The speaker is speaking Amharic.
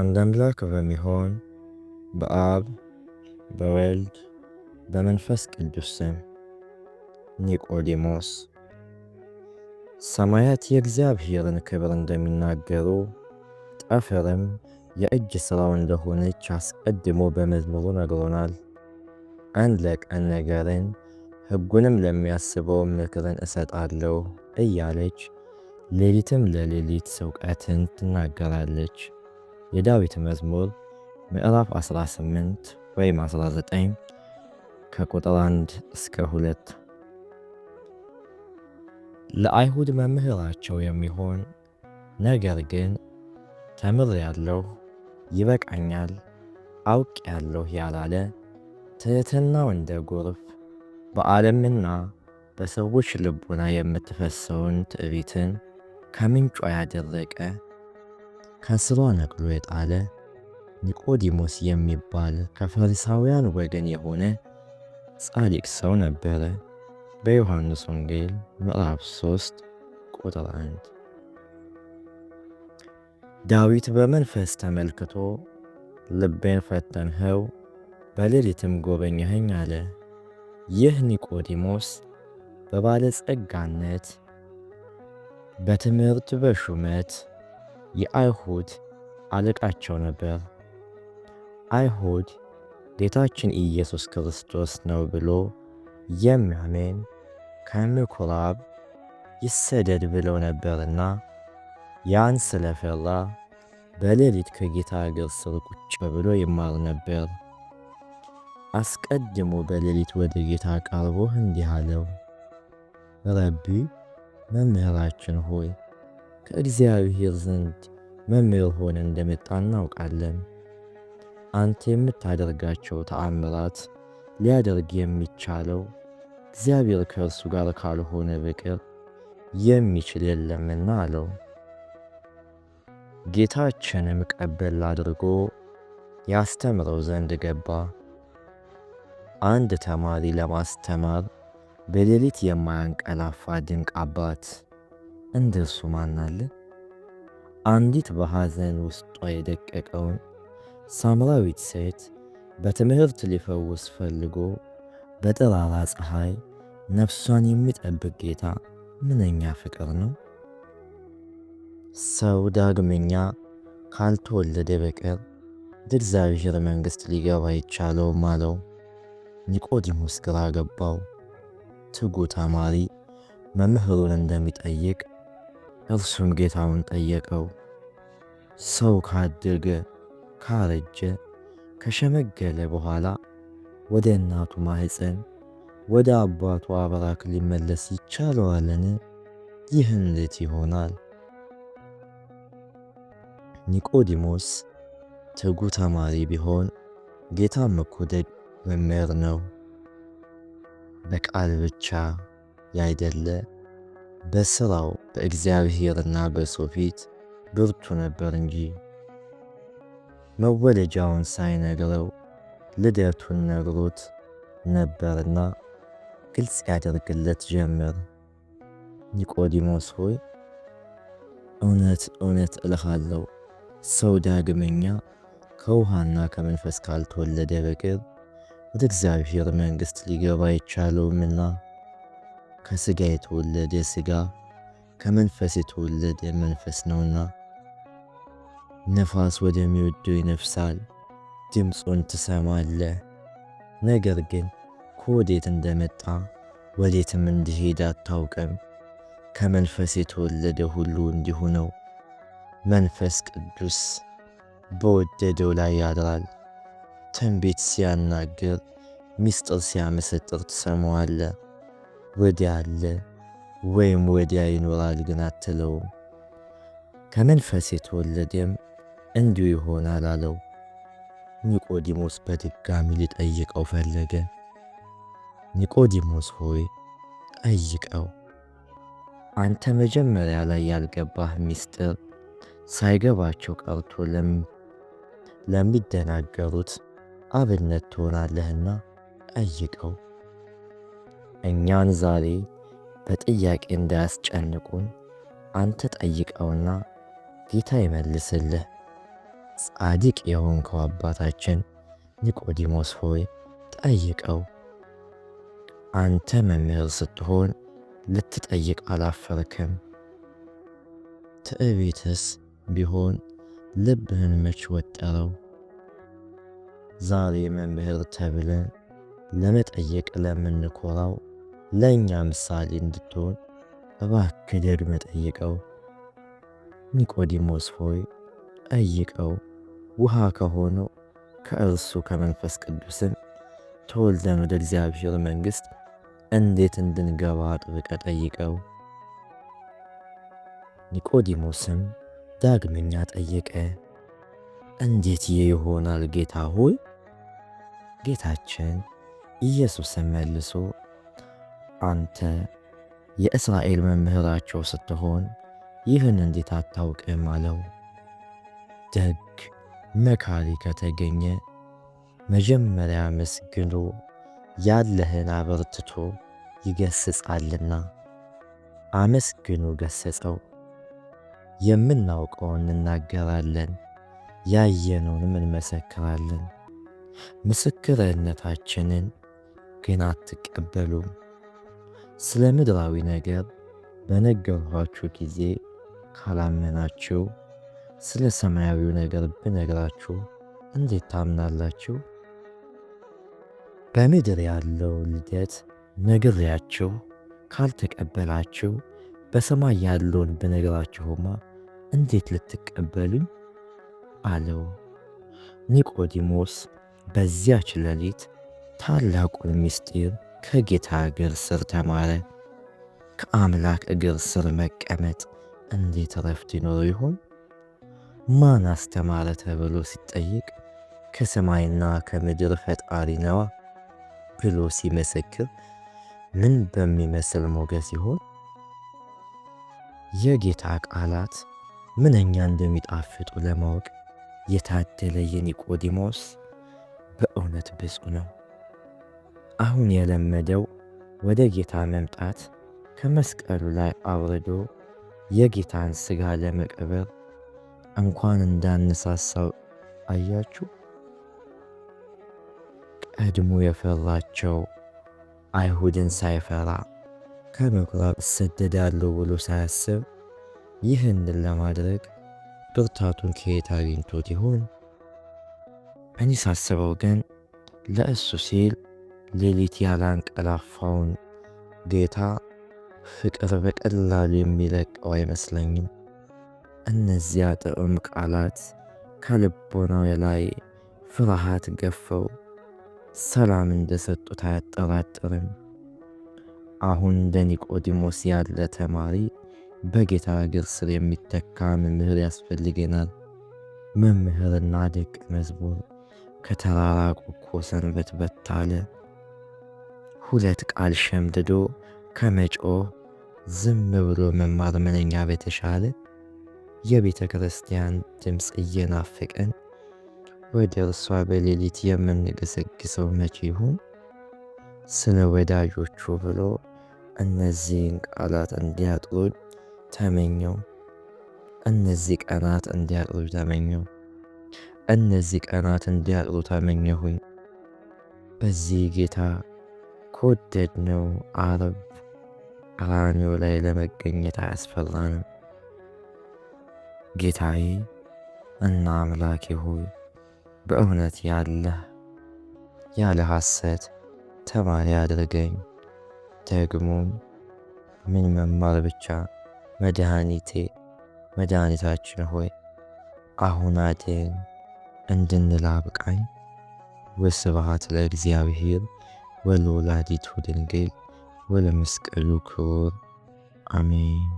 አንድ አምላክ በሚሆን በአብ በወልድ በመንፈስ ቅዱስ ስም። ኒቆዲሞስ ሰማያት የእግዚአብሔርን ክብር እንደሚናገሩ ጠፈርም የእጅ ሥራው እንደሆነች አስቀድሞ በመዝሙሩ ነግሮናል። አንድ ለቀን ነገርን ሕጉንም ለሚያስበው ምክርን እሰጣለሁ እያለች ሌሊትም ለሌሊት እውቀትን ትናገራለች። የዳዊት መዝሙር ምዕራፍ 18 ወይም 19 ከቁጥር 1 እስከ 2 ለአይሁድ መምህራቸው የሚሆን ነገር ግን ተምር ያለው ይበቃኛል፣ አውቅ ያለሁ ያላለ ትሕትናው እንደ ጎርፍ በዓለምና በሰዎች ልቡና የምትፈሰውን ትዕቢትን ከምንጯ ያደረቀ ከስሯ ነቅሎ የጣለ ኒቆዲሞስ የሚባል ከፈሪሳውያን ወገን የሆነ ጻድቅ ሰው ነበረ። በዮሐንስ ወንጌል ምዕራፍ 3 ቁጥር 1 ዳዊት በመንፈስ ተመልክቶ ልቤን ፈተንኸው፣ በሌሊትም ጎበኘኸኝ አለ። ይህ ኒቆዲሞስ በባለጸጋነት በትምህርት በሹመት የአይሁድ አለቃቸው ነበር። አይሁድ ጌታችን ኢየሱስ ክርስቶስ ነው ብሎ የሚያምን ከምኩራብ ይሰደድ ብለው ነበርና ያን ስለፈራ በሌሊት ከጌታ እግር ስር ቁጭ ብሎ ይማር ነበር። አስቀድሞ በሌሊት ወደ ጌታ ቀርቦ እንዲህ አለው፣ ረቢ መምህራችን ሆይ ከእግዚአብሔር ዘንድ መምህር ሆነ እንደመጣ እናውቃለን። አንተ የምታደርጋቸው ተአምራት ሊያደርግ የሚቻለው እግዚአብሔር ከእርሱ ጋር ካልሆነ በቀር የሚችል የለምና አለው። ጌታችንም ቀበል አድርጎ ያስተምረው ዘንድ ገባ። አንድ ተማሪ ለማስተማር በሌሊት የማያንቀላፋ ድንቅ አባት እንደ እርሱ አንዲት በሐዘን ውስጧ የደቀቀውን ሳምራዊት ሴት በትምህርት ሊፈውስ ፈልጎ በጠራራ ፀሐይ ነፍሷን የሚጠብቅ ጌታ ምንኛ ፍቅር ነው! ሰው ዳግመኛ ካልተወለደ በቀር እግዚአብሔር መንግሥት ሊገባ ይቻለው አለው። ኒቆዲሞስ ግራ ገባው። ትጉ ተማሪ መምህሩን እንደሚጠይቅ እርሱም ጌታውን ጠየቀው፣ ሰው ካደገ ካረጀ ከሸመገለ በኋላ ወደ እናቱ ማህፀን ወደ አባቱ አብራክ ሊመለስ ይቻለዋለን? ይህ እንዴት ይሆናል? ኒቆዲሞስ ትጉ ተማሪ ቢሆን ጌታ መኮደድ መምህር ነው። በቃል ብቻ ያይደለ በስራው በእግዚአብሔርና በሰው ፊት ብርቱ ነበር እንጂ መወለጃውን ሳይነግረው ልደቱን ነግሮት ነበርና ግልጽ ያደርግለት ጀምር ኒቆዲሞስ ሆይ እውነት እውነት እልሃለሁ ሰው ዳግመኛ ከውሃና ከመንፈስ ካልተወለደ በቀር ወደ እግዚአብሔር መንግሥት ሊገባ አይቻለውምና ከሥጋ የተወለደ ሥጋ ከመንፈስ የተወለደ መንፈስ ነውና ነፋስ ወደሚወደው ይነፍሳል፣ ድምፁን ትሰማለ፣ ነገር ግን ከወዴት እንደመጣ ወዴትም እንዲሄድ አታውቅም። ከመንፈስ የተወለደ ሁሉ እንዲሁ ነው። መንፈስ ቅዱስ በወደደው ላይ ያድራል። ትንቢት ሲያናግር፣ ምስጢር ሲያመሰጥር ትሰማዋለ። ወዲያ አለ ወይም ወዲያ ይኖራል ግን አትለውም። ከመንፈስ የተወለደም እንዲሁ ይሆናል አለው። ኒቆዲሞስ በድጋሚ ሊጠይቀው ፈለገ። ኒቆዲሞስ ሆይ ጠይቀው፣ አንተ መጀመሪያ ላይ ያልገባህ ምስጢር ሳይገባቸው ቀርቶ ለሚደናገሩት አብነት ትሆናለህና ጠይቀው። እኛን ዛሬ በጥያቄ እንዳያስጨንቁን አንተ ጠይቀውና ጌታ ይመልስልህ። ጻድቅ የሆንከው አባታችን ኒቆዲሞስ ሆይ ጠይቀው። አንተ መምህር ስትሆን ልትጠይቅ አላፈርክም። ትዕቢትስ ቢሆን ልብህን መች ወጠረው? ዛሬ መምህር ተብለን ለመጠየቅ ለምንኮራው ለእኛ ምሳሌ እንድትሆን እባክህ ደግመህ ጠይቀው። ኒቆዲሞስ ሆይ ጠይቀው። ውሃ ከሆነው ከእርሱ ከመንፈስ ቅዱስን ተወልደን ወደ እግዚአብሔር መንግሥት እንዴት እንድንገባ አጥብቀ ጠይቀው። ኒቆዲሞስም ዳግመኛ ጠየቀ። እንዴት ይህ ይሆናል ጌታ ሆይ? ጌታችን ኢየሱስን መልሶ አንተ የእስራኤል መምህራቸው ስትሆን ይህን እንዴት አታውቅም? አለው። ደግ መካሪ ከተገኘ መጀመሪያ መስግኖ ያለህን አበርትቶ ይገስጻልና አመስግኑ ገሰጸው። የምናውቀውን እንናገራለን፣ ያየነውንም እንመሰክራለን። ምስክርነታችንን ግን አትቀበሉም። ስለ ምድራዊ ነገር በነገርኋችሁ ጊዜ ካላመናችሁ፣ ስለ ሰማያዊው ነገር ብነግራችሁ እንዴት ታምናላችሁ? በምድር ያለው ልደት ነግሬያችሁ ካልተቀበላችሁ በሰማይ ያለውን ብነግራችሁማ እንዴት ልትቀበሉኝ? አለው። ኒቆዲሞስ በዚያች ሌሊት ታላቁን ምስጢር ከጌታ እግር ስር ተማረ። ከአምላክ እግር ስር መቀመጥ እንዴት ረፍት ይኖረው ይሆን? ማን አስተማረ ተብሎ ሲጠየቅ ከሰማይና ከምድር ፈጣሪ ነዋ ብሎ ሲመሰክር ምን በሚመስል ሞገስ ይሆን? የጌታ ቃላት ምንኛ እንደሚጣፍጡ ለማወቅ የታደለ የኒቆዲሞስ በእውነት ብፁ ነው። አሁን የለመደው ወደ ጌታ መምጣት ከመስቀሉ ላይ አውርዶ የጌታን ሥጋ ለመቀበር እንኳን እንዳነሳሳው አያችሁ። ቀድሞ የፈራቸው አይሁድን ሳይፈራ ከምኩራብ እሰደዳለሁ ብሎ ሳያስብ ይህንን ለማድረግ ብርታቱን ከየት አግኝቶት ይሆን? እኔ ሳስበው ግን ለእሱ ሲል ሌሊት ያላንቀላፋውን ጌታ ፍቅር በቀላሉ የሚለቀው አይመስለኝም። እነዚያ ጥዑም ቃላት ከልቦናው ላይ ፍርሃት ገፈው ሰላም እንደሰጡት አያጠራጥርም። አሁን እንደ ኒቆዲሞስ ያለ ተማሪ በጌታ እግር ስር የሚተካ መምህር ያስፈልገናል። መምህርና ደቀ መዝሙር ከተራራቁ እኮ ሰንበት በታለ ሁለት ቃል ሸምድዶ ከመጮ ዝም ብሎ መማር ምንኛ በተሻለ። የቤተ ክርስቲያን ድምፅ እየናፈቀን ወደ እርሷ በሌሊት የምንገሰግሰው መቼ ይሁን? ስለ ወዳጆቹ ብሎ እነዚህን ቃላት እንዲያጥሩኝ ተመኘው። እነዚህ ቀናት እንዲያጥሩ ተመኘው። እነዚህ ቀናት እንዲያጥሩ ተመኘሁኝ። በዚህ ጌታ ነው አረብ ቀራንዮ ላይ ለመገኘት አያስፈራንም። ጌታዬ እና አምላኬ ሆይ በእውነት ያለህ ያለ ሐሰት ተማሪ አድርገኝ። ደግሞም ምን መማር ብቻ መድኃኒቴ መድኃኒታችን ሆይ አሁን አድን እንድንል አብቃኝ። ወስብሐት ለእግዚአብሔር። ወለወላዲቱ ድንግል ወለመስቀሉ ክቡር አሜን።